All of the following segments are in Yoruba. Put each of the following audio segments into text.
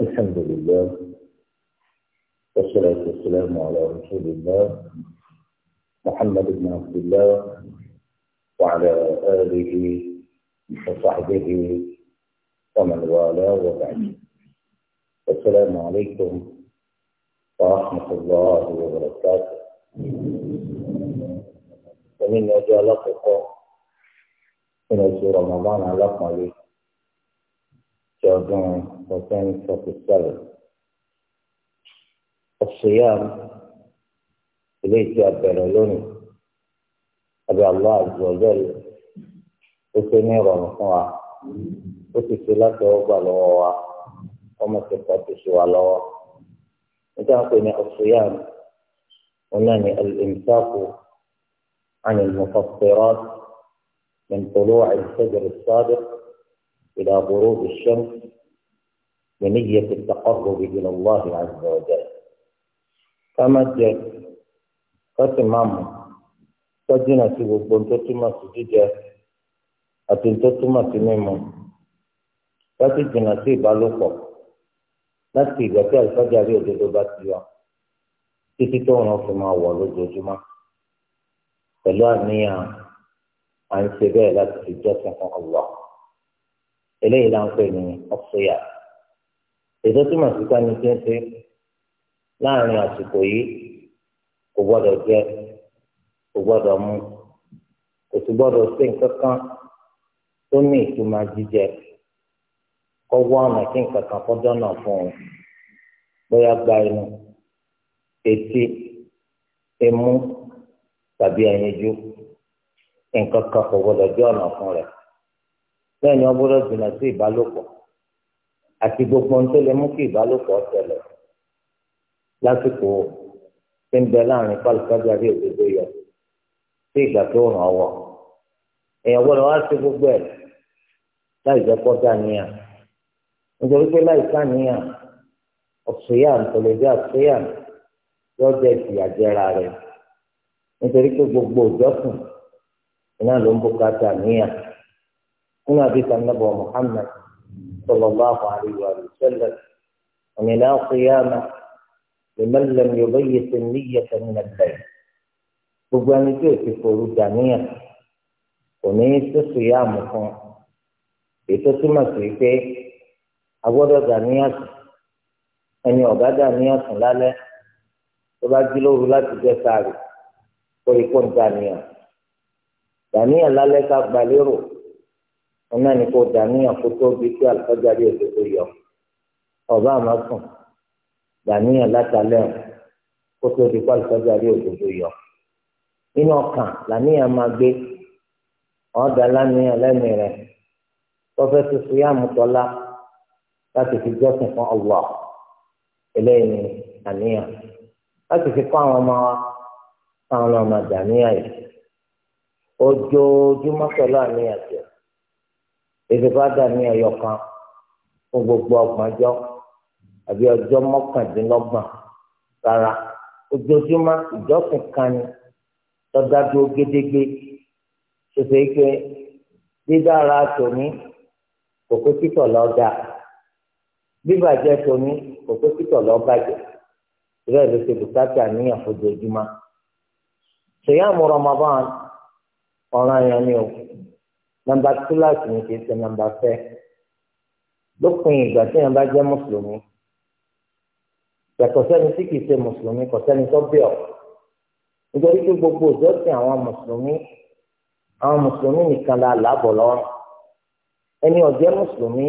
الحمد لله والصلاة والسلام على رسول الله محمد بن عبد الله وعلى آله وصحبه ومن والاه وبعد السلام عليكم ورحمة الله وبركاته ومن أجل لقكم من رمضان على قليل شوغان 1447 الصيام ليس بلون أبي الله عز وجل وسني رمضان وسلسلة وبلوة وما تفتش ولوة وتعطيني الصيام ونعني الإمساك عن المفطرات من طلوع الفجر الصادق إلى غروب الشمس بنية التقرب إلى الله عز وجل كما جاء فتمام فجنا تبقون تتما سجدة أتن تتما تميمون فتجنا تبالوكو láti ìgbà tí àlùfáàjáre òdodo bá ti yọ títí tóun fi máa wọ̀ lójoojúmọ́ pẹ̀lú àníyàn à ń ṣe bẹ́ẹ̀ láti fi jọ́sìn fún ọlọ́ọ̀ eléyìí là ń pè ní ọ̀ṣọ́yà ètò tí màá fi pání tí ń ṣe láàrin àsìkò yìí kò gbọ́dọ̀ jẹ kò gbọ́dọ̀ mu kò sì gbọ́dọ̀ ṣe nǹkan kan tó ní ìtumọ̀ jíjẹ kọ́ wá ọ̀nà kí nǹkan kan kọ́ dọ́nà fún un bóyá gba inú etí imú tàbí ẹyinjú nǹkan kan kò gbọ́dọ̀ jẹ́ ọ̀nà fún rẹ̀ bẹ́ẹ̀ ni wọ́n gbọ́dọ̀ jìnnà sí ìbálòpọ̀ àti gbogbo ohun tó lè mú kí ìbálòpọ̀ ṣẹlẹ̀ lásìkò tí ń bẹ láàrin pálíkàjà bí òdodo yọ sí ìgbà tó ràn ọwọ́ èèyàn gbọ́dọ̀ wá sí gbogbo ẹ̀ láì jẹ́ kọ́dà níyà nítorí pé láì ká níyà ọ̀ṣùyà ntòlẹ́dẹ́ ọ̀ṣùyà lọ́jọ́ ìfìyàjẹra rẹ̀ nítorí pé gbogbo òjọ́sìn iná ló ń bùkátà níyà. هنا بيت النبوة محمد صلى الله عليه وآله وسلم أن لا صيام لمن لم يبيت النية من الليل gbogbo ẹni tí o ti forú dàníyàn kò ní í sísù yá àmú fún ètò túmọ̀ sí pé a gbọ́dọ̀ dàníyàn sùn ẹni ọ̀gá dàníyàn sùn lálẹ́ tó bá jí lóru láti jẹ́ sáré kó ikú ń dàníyàn dàníyàn lálẹ́ ká gbalérò wọn náà ní kó dàníyàn kó tó bí kí àlùfáàjà rí èso tó yọ ọba àmọ́ sùn dàníyàn látàlẹ́ kó tó bí kí àlùfáàjà rí èso tó yọ nínú ọkàn làníyàn máa gbé ọ̀ọ́dà lánìyàn lẹ́nu rẹ̀ tọ́fẹ́ tuntun yá mutọ́lá láti fi jọ́sìn fún Allah eléyìí ni láti fi kọ́ àwọn ọmọ wa káwọn náà dàníyàn yìí ojoojúmọ́ pẹ̀lú àníyàn jẹ́ ìfipá ní ẹyọ kan fún gbogbo ọgbọ̀njọ́ àbí ọjọ́ mọ́kàndínlọ́gbọ̀n rárá ojoojúmọ́ ìjọsìn kan ni tọ́dájú gédégbé ṣèṣe pé dídára tòní kòkó títọ̀ lọ dà bíbàjẹ́ tòní kòkó títọ̀ lọ bàjẹ́ ìrẹ́ ló ṣe bùkátà níyàn fojoojúmọ́ ṣèyá mu Ramadan ọ̀ràn yẹn ni o nọ́mbà kíláàsì ni kì í ṣe nọ́mbà fẹ́ lópin ìgbà tí yẹn bá jẹ́ mùsùlùmí yàtọ̀ sẹ́ni tí kì í ṣe mùsùlùmí kò sẹ́ni tó bẹ̀ ọ́ nítorí pé gbogbo ìjọsìn àwọn mùsùlùmí àwọn mùsùlùmí nìkan la làbọ̀ lọ́rùn ẹni ọ̀jẹ́ mùsùlùmí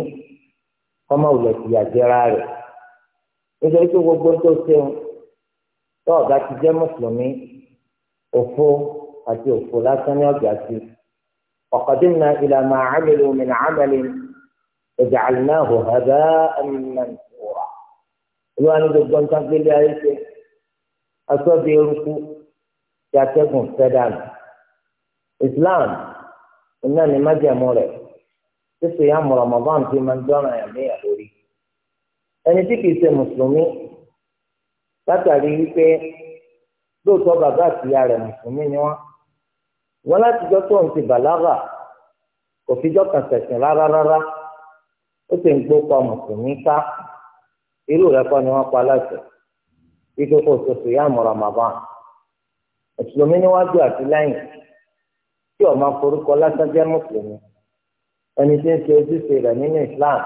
kọ́mọ wulẹ̀ ti àjẹrà rẹ̀ nítorí pé gbogbo tó ṣeun tó ọ̀gá ti jẹ́ mùsùlùmí òfo àti òfo lásán ní ọ̀gá sí وقدمنا إلى ما عملوا من عمل وجعلناه هباء منثورا الوان دبون تقبل عليك أصاب يركو يعتقون سدان إسلام إنني ما جمولي صيام رمضان في من دون يمية لوري ẹni tí kìí ṣe mùsùlùmí látàrí wípé lóòótọ́ bàbá àtìyá rẹ̀ mùsùlùmí wọn láti jọ tó ń ti bàlágà kò fi jọ kàn sẹ̀sìn rárá rárá ó sì ń gbó pa mùsùlùmí ká irú rẹ̀ kọ́ ni wọ́n pa láṣẹ wípé kò sọ̀tò yá àmọ́ Ramadan mùsùlùmí níwájú àti lẹ́yìn tí ọmọ forúkọ lásán jẹ́ mùsùlùmí ẹni tí ń ṣe ojúṣe rẹ̀ nínú Islam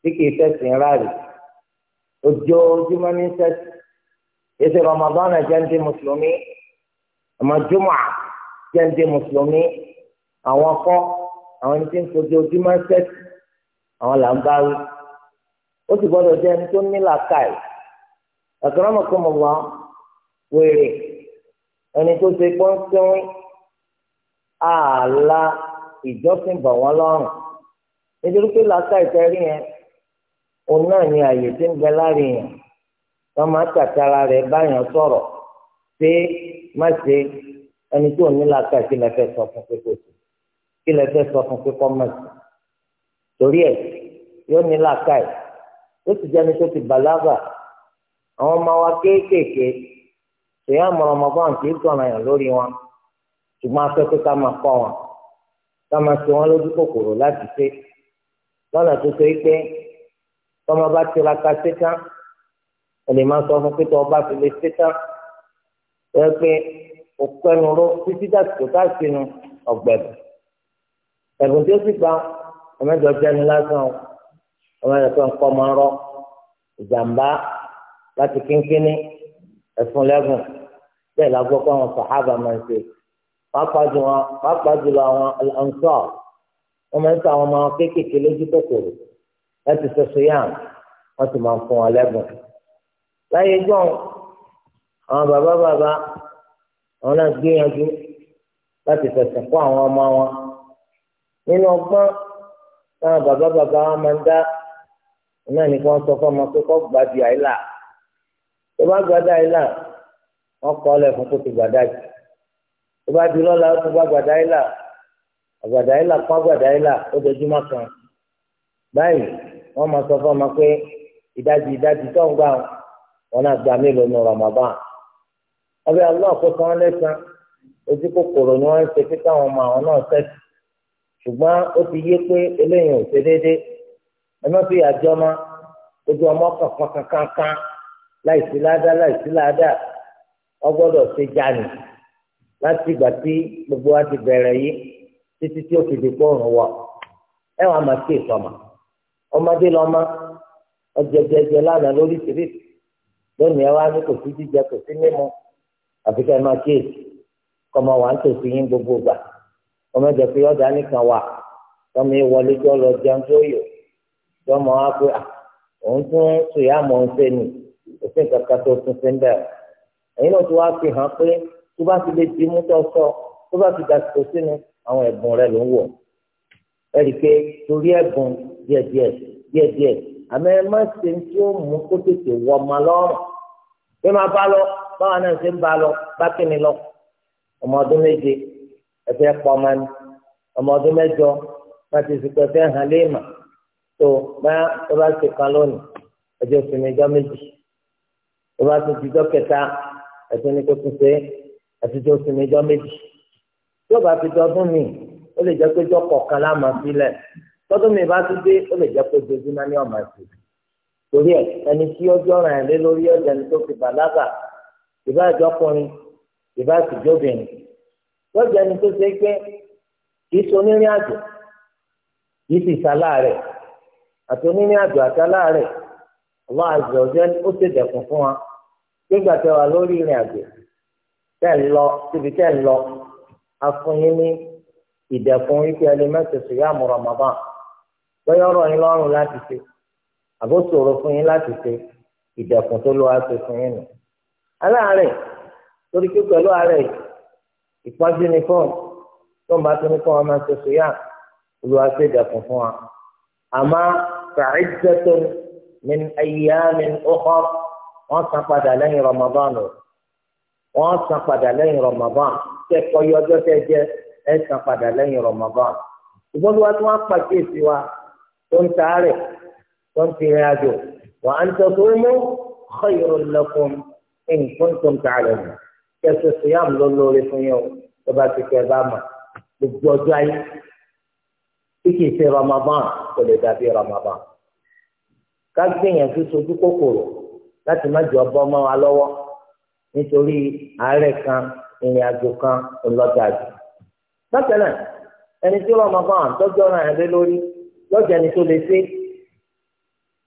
tí kìí fẹ̀sìn ráàlì ojoojúmọ́ ní sẹ́sì ètò Ramadan ẹ̀jẹ̀ ń di mùsùlùmí ọmọ jùmọ̀ jẹ́ǹde mùsùlùmí àwọn akọ́ àwọn ẹni tí ń fojú ojú máa ń sẹ́ẹ̀tì àwọn là ń bá wí ó sì gbọ́dọ̀ jẹ́ ẹni tó ní làákàyè àkàràmọ̀kọ́mọ̀ wá wèrè ẹni tó ṣe pọ́ńpẹ́wín ààlà ìjọsìn bọ̀ wọ́n lọ́rùn nítorí pé làákàyè tẹ́rí yẹn òun náà ni àyè tí ń bẹ láàrin yẹn wọ́n máa tàtàrà rẹ̀ báyàn sọ̀rọ̀ pé má ṣe ẹni tí òun ní làákà kí lè fẹ́ sọ fún pé kò sí kí lè fẹ́ sọ fún pé kọ́ mọ̀ sí torí ẹ̀ yóò ní làákà ẹ̀ ó sì jẹ́ni tó ti bàlágà àwọn ọmọ wa kéékèèké ṣèyá mọ̀rọ̀mọ́gbọ́n kì í tọ̀ràn yàn lórí wọn ṣùgbọ́n afẹ́ pé ká máa kọ́ wọn ká máa ṣe wọn lójú kòkòrò láti ṣe lọ́nà tó ṣe pé tọ́mọ bá tiraka ṣe tán ẹ lè máa sọ fún pé tọ́ ọba fi lè ṣe tán ẹ pé òkú ẹnu ró títí dàtò tá a sínú ọ̀gbẹ̀bù ẹ̀bùn tí ó sì gba ọmọdé ọjọ́ ẹni lásán ọmọdé ọjọ́ nǹkan ọmọ rọ ìjàmbá láti kínkínní ẹ̀fún lẹ́bùn bẹ́ẹ̀ la gbọ́ pé àwọn sàhábà máa ń ṣe pàápàá jùlọ àwọn ọ̀nsọ́ wọ́n máa ń sọ àwọn ọmọ kéékèèké lójú kòkòrò láti ṣoṣo yàn wọ́n sì máa ń fún wọn lẹ́bùn láyé gbọ́n àwọn bàbá bàbá àwọn náà gbìyànjú láti fẹsẹ̀ kó àwọn ọmọ wọn nínú ọgbọ́n táwọn bàbá bàbá wa máa ń dá náà ní kí wọ́n sọ fọ́mọ pé kó gbàdí àìlà tó bá gbàdí àìlà wọ́n kọ́ ọ lẹ̀ fún kó ti gbàdá jù tó bá di lọ́la ó ti bá gbàdá àìlà àgbàdá ìlà kọ́ àgbàdá ìlà ó dojúmọ́ kan báyìí wọ́n máa sọ fún pé ìdajì ìdajì tó ń gbà wọn náà gba mélòó ní Ramadan ọ aláàkóso wọn lẹ́sàn ojú kòkòrò ni wọ́n ń ṣe kíkọ́ àwọn ọmọ àwọn náà sẹ́sì ṣùgbọ́n ó ti yé pé eléyìí ò ṣe déédéé ẹ má fi àjọ ọmọ ojú ọmọ kankan kankan láìsí ládá láìsí ṣe jáde láti gbogbo wa ti yìí títí tí ó fi di máa ọmọdé lọ́mọ ọjẹjẹjẹ lánàá lórí lónìí ẹ àfi ká ẹ máa kíyèsí kọ́mọ wà ń tòsí yín gbogbo gbà ọmọ ẹ̀jẹ̀ pé ọ̀dà nìkan wà tọ́mọ ìwọlé tó lọ jẹun tó yò tọ́mọ wa pé òun tún sòyà mọ̀ ń ṣe nì òfin kankan tó tún ṣe ń bẹ̀rẹ̀ ẹ̀yin náà tó wá fi hàn pé tó bá ti lè di mú tó sọ tó bá ti dàsìkò sínú àwọn ẹ̀bùn rẹ ló ń wọ̀ ẹ̀rì pé torí ẹ̀bùn díẹ̀díẹ̀ díẹ̀díẹ̀ àmọ́ ẹ má ṣe tí ó mú kó tètè wọ ọmọ lọ́rùn bí máa bá lọ báwa náà ṣe ń ba lọ bá kíni lọ ọmọ ọdún méje ẹfẹ pọmọ ni ọmọ ọdún mẹ́jọ wọn ti sìnkú ẹfẹ hàn léèmà tó bá tó bá ṣe kan lónìí ẹjọ sinmi ẹjọ méjì tó bá tún ti jọ kẹta ẹtún ní kó tún ṣe ẹtújọ sinmi ẹjọ méjì tó bá ti dọdún mi ó lè jẹ pé jọ kọ̀ọ̀kan láàmà sílẹ̀ tọdún mi bá tún dé ó lè jẹ pé ojoojúmọ́ ní ọmọ àti torí ẹ ẹni tí ọjọ́ ràn lé lórí ọjà ni tó fi bàlágà ìbáàjọ ọkùnrin ìbáàjọ ìjọbìnrin lọ́jọ́ ẹni tó ṣe pé kì í ṣe onírìn àjò kì í sì ṣaláàrẹ̀ àti onírìn àjò àtàláàrẹ̀ ọlọ́ àjọ ọjọ́ ó ṣe dẹ̀kun fún wa nígbà tẹ wà lórí ìrìn àjò tẹ̀ ń lọ síbi tẹ̀ ń lọ afúnyín ní ìdẹ̀kun ike ẹlẹ́mẹ́sì sígáàmù Ramadan bóyá ọ̀rọ̀ yín lọ́rùn láti ṣe àbó ṣòro fún yín láti ṣe ìdẹ̀kun tó lọ́wọ́ ṣe fún yín nù aláàárẹ̀ torí pé pẹ̀lú àárẹ̀ ìpọ́njú ni fún tó ń bá tó ní fún wa máa ṣe sòyà olùwà ṣe dẹ̀kun fún wa àmọ́ fàáìdẹ́tò ní ayé mi ọkọ wọ́n san padà lẹ́yìn Ramadan o wọ́n san padà lẹ́yìn Ramadan tẹ́ kọ́yọ́ ọjọ́ tẹ́ jẹ́ ẹ san padà lẹ́yìn Ramadan ìgbọ́n wa tí wọ́n pàkíyèsí wa tó ń taarẹ̀ tó ń tirin àjò wà á ń tọ́ nǹkan tó ń ta rẹ̀ mọ̀ kẹsì síyàm ló lóore fún yẹn o tó bá ti kẹ bá mọ̀ gbogbo ọjọ́ ayé tí kìí ṣe Ramadan kò lè dàbí Ramadan ká gbìyànjú sojú kòkòrò láti má jọ bọ́ mọ́ wa lọ́wọ́ nítorí àárẹ̀ kan ìrìn àjò kan ńlọ́dàjù. bákan náà ẹni tí Ramadan tọ́jú ọ̀ràn rẹ̀ lórí yóò ẹni tó lè ṣe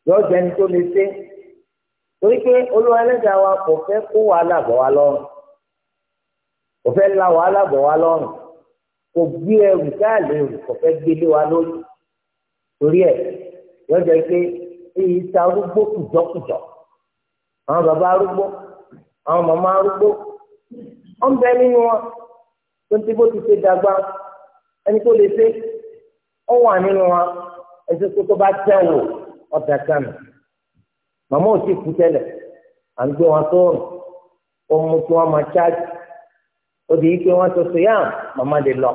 yóò ẹni tó lè ṣe torí pé olúwa ẹlẹ́dàá wa kò fẹ́ kó wàhálà bọ̀ wá lọ́rùn kò fẹ́ la wàhálà bọ̀ wá lọ́rùn kò gbé ẹrù káàlì ẹrù kò fẹ́ gbélé wa lórí torí ẹ̀ lọ́jọ́ pé èyí ta arúgbó kùjọ́kùjọ́ àwọn bàbá arúgbó àwọn màmá arúgbó wọ́n bẹ nínú wọn tó ti bó ti ṣe dàgbà ẹni tó lè ṣe ó wà nínú wọn ẹsẹ̀ tó tó bá tẹ̀ wò ọ̀dà kan nù màmá ò sì kú tẹ́lẹ̀ à ń gbé wọn sóòrùn ó mú kí wọ́n máa ṣáàjì ó di ike wọn tuntun yá màmá lè lọ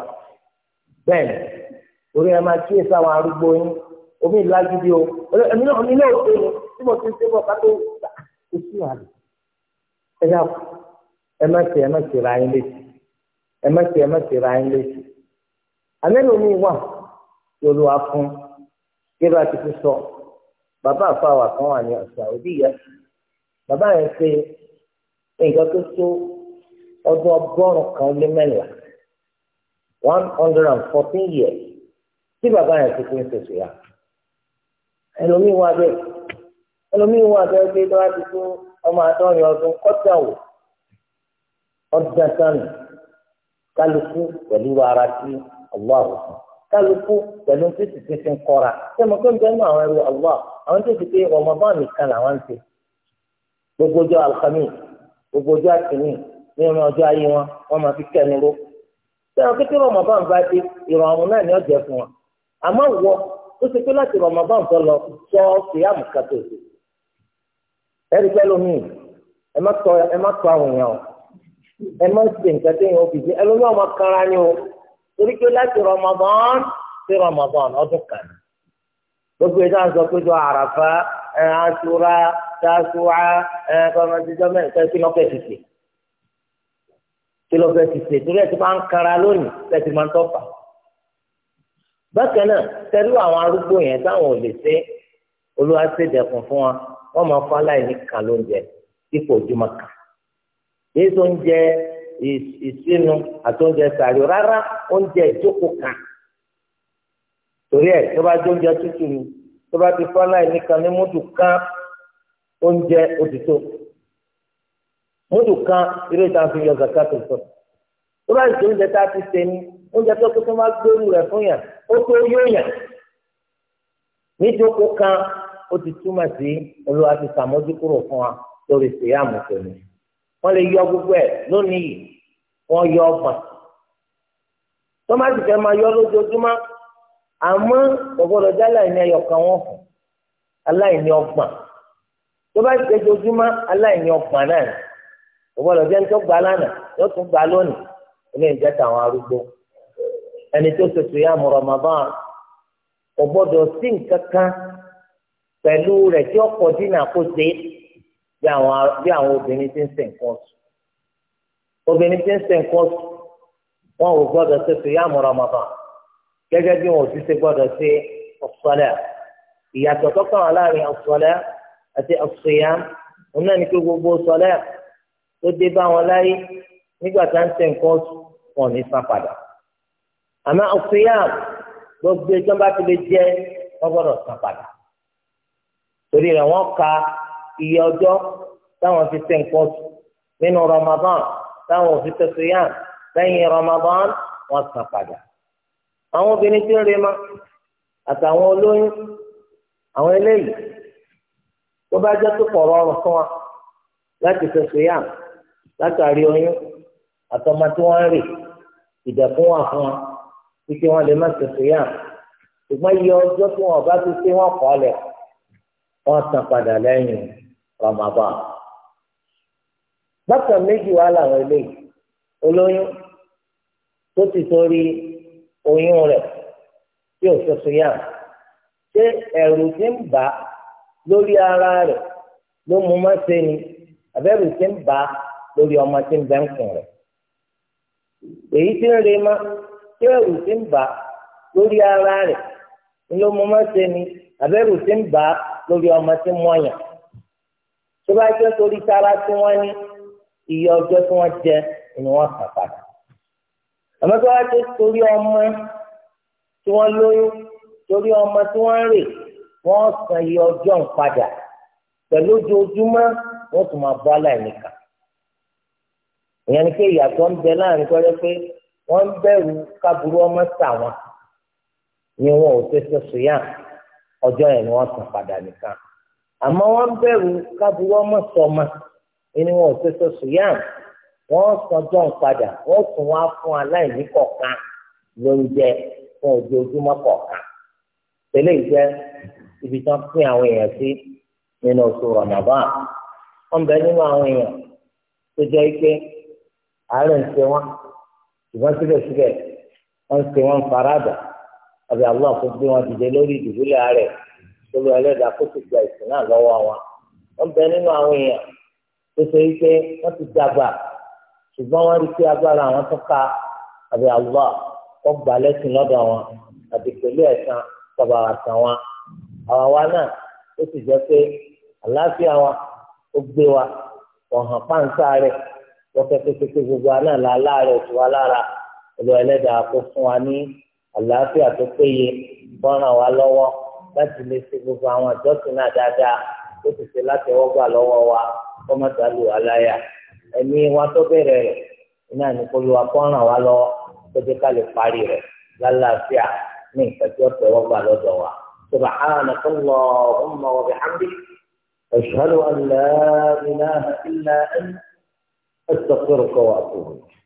bẹ́ẹ̀ ni orí ẹ máa kíyè sáwọn arúgbó yín omi ìlàgídí o ẹ̀mí náà mi náà tó tí mo ti ń sébọ̀ ká tó kó sí àlè ẹ yà ẹ má ṣe ẹ má ṣe ra yín létí ẹ má ṣe ẹ má ṣe ra yín létí alẹ́ lómi wà yóò lọ́wọ́ fún kí bá ti fi sọ. bàbá àfàwà kan wà ní Saudi yẹn bàbá yẹn ṣe nǹkan tó tó ọdún kan lé mẹ́la one hundred and fourteen years tí bàbá yẹn ti to ya ṣèṣù yá ẹlòmíín wà bẹ́ẹ̀ ẹlòmíín wà bẹ́ẹ̀ pé tó ti tó ọmọ àádọ́rin ọdún kọ́tà wò ọdún ara tí àwòsàn. kálukú pẹ̀lú tí fi ń kọ́ra ṣé mo tó ń bẹ́ẹ̀ àwọn àwọn tó ti pé bá gbogbo ọjọ́ alùpàmì gbogbo ọjọ́ ní ọmọ ọjọ́ ayé wọn wọ́n máa fi kẹ́nu ró ṣé àwọn kékeré bá ìrọ̀rùn náà ni fún wọn àmọ́ wọ ó ti pé láti lọ sọ sí lómi má nǹkan torí pé láti Ramadan sí Ramadan ọdún kan gbogbo ìdá sọ pé tó àràfà ẹ asúra tásúà ẹ kọ́mọdéjọ́ mẹ́ta kí lọ́kẹ́ ti sè kí lọ́kẹ́ ti sè torí ẹ ti máa ń kara lónìí ẹ ti máa ń tọ́pa bákan náà tẹ́lú àwọn arúgbó yẹn táwọn ò lè ṣe olúwa ṣe dẹ̀kun fún wa wọ́n máa fọ́ aláìní kan lóúnjẹ dípò ojúmọ́ kan èso ń jẹ ìsinu àti oúnjẹ sàárò rárá oúnjẹ ìjókòó kan torí ẹ tó bá jẹ oúnjẹ tútù ni tó bá ti fọ́nlá ẹ̀ nìkan ní mọ́tò kan oúnjẹ òtítọ́ mọ́tò kan eré ìta fi yọ zaka tó sọ tó bá jẹ oúnjẹ tá a ti sẹ ní oúnjẹ tó kó tó má gbóòrú rẹ fún yàn ó tó yóò yàn níjókòó kan ó ti túmọ̀ sí olúwa ti sàmójúkúrò fún wa lórí ìsèyàmù tòun wọ́n lè yọ gbogbo ẹ̀ lónìí yìí wọ́n yọ ọgbọ̀n tọ́mátì fẹ́ máa yọ lójoojúmọ́ àmọ́ ọ̀gbọ́dọ̀ jẹ́ aláìní ẹyọkan wọn fún aláìní ọgbọ̀n tó bá ti jojúmọ́ aláìní ọgbọ̀n náà ọ̀gbọ́dọ̀ jẹ́ nítorí gbà lánàá yóò tún gbà lónìí ilé ìjẹ́ tàwọn arúgbó ẹni tó ṣètò yá mu Ramadan ọ̀gbọ́dọ̀ sí nǹkan kan pẹ̀lú rẹ̀ tí ọkọ̀ dínà kó ṣe é bí àwọn bí àwọn obìnrin ti ń ṣe nǹkan oṣù obìnrin ti ń ṣe nǹkan oṣù wọn ò gbọ́dọ̀ ṣe sùyàmù Ramadan gẹ́gẹ́ bí wọn ò ti ṣe gbọ́dọ̀ ṣe ọsọlẹ ìyàtọ̀ tó kàn án láàrin ọsọlẹ àti ọsùyàmù òun náà ní pé gbogbo ọsọlẹ tó dé bá wọn láyé nígbà tá à ń ṣe nǹkan oṣù wọn ò ní san padà àmọ́ ọsùyàmù gbogbo ìjọba ti lè jẹ wọn gbọ́dọ̀ san padà torí rẹ̀ wọn ka iye ọjọ́ táwọn fi ṣe nǹkan oṣù nínú Ramadan táwọn fi tẹ̀sọ̀ yá lẹ́yìn Ramadan wọ́n san padà. àwọn obìnrin tí ń re ma àtàwọn olóyún àwọn eléyìí tó bá jẹ́ tó pọ̀ rọrùn fún wa láti tẹ̀sọ̀ yá látàrí oyún àtọmọ tí wọ́n ń rè ìdẹ̀kùn wà fún wa kíkí wọn lè má tẹ̀sọ̀ yá ṣùgbọ́n iye ọjọ́ tí wọn ò bá ti ṣe wọn kọ́ lẹ̀ wọ́n san padà lẹ́yìn Ramadan bákan méjì wà láwọn eléyìí olóyún tó ti torí oyún rẹ̀ tí ò ṣoṣo yá ṣé ẹ̀rù ti ń bà á lórí ara rẹ̀ ló mú má ṣe ni àbẹ̀rù ti ń bà á lórí ọmọ tí ń bẹ ń kùn rẹ̀ èyí tí ń re má ṣé ẹ̀rù ti ń bà á lórí ara rẹ̀ ló mú má ṣe ni àbẹ̀rù ti ń bà á lórí ọmọ tí ń mọ̀yàn tó bá jẹ́ torí tara tí wọ́n ní iye ọjọ́ tí wọ́n jẹ ni wọ́n kà padà àmọ́ tó bá jẹ́ torí ọmọ tí wọ́n lóyún torí ọmọ tí wọ́n ń rè wọ́n san iye ọjọ́ ń padà pẹ̀lú ojoojúmọ́ wọ́n tún máa bọ́ aláìní ìyẹn ni pé ìyàtọ̀ ń bẹ láàrin kọ́jọ́ pé wọ́n ń bẹ̀rù kábùrú ọmọ tà ni wọn ò tẹ́sẹ̀ sùn yá ọjọ́ yẹn ni wọ́n san padà nìkan. àmọ́ wọ́n ń bẹ̀rù kábúwọ́ mọ̀ sọ́mà ẹni wọn ò tẹ́tọ́ sùyàm wọ́n sọjọ́ ń padà wọ́n tún wá fún aláìní fún ojoojúmọ́ kọ̀ọ̀kan tẹ́lẹ̀ jẹ́ ibi tí wọ́n pín àwọn èèyàn sí nínú oṣù Ramadan bẹ nínú àwọn èèyàn tó ike ń ṣe ń ṣe àbí àkókò wọn lórí ìdìbò olú ẹlẹ́dàá kó sì gba ìsìn náà lọ́wọ́ wọn. wọ́n bẹ nínú àwọn èèyàn tó ṣe wípé wọ́n ti dàgbà ṣùgbọ́n wọ́n rí pé agbára àwọn tó ka àbí àlọ́ kọ́ gbà lẹ́sìn lọ́dọ̀ wọn àti pẹ̀lú ẹ̀sán wọn. wa náà ó sì gbogbo wa lára olú kó fún wa ní àlàáfíà tó péye bọ́ràn wa láti lè ṣe gbogbo àwọn àjọsìn náà dáadáa ó sì ṣe láti wọ́gbà lọ́wọ́ wa kó má sàlù aláya wa tó bẹ̀rẹ̀ rẹ̀ iná ní kó lu akọ́ràn wa lọ tó ká lè parí rẹ̀ lálàáfíà ní ìfẹ̀tí ọ̀tẹ̀ wọ́gbà lọ́dọ̀ wa. سبحانك اللهم وبحمدك أشهد أن لا إله إلا أنت أستغفرك وأتوب إليك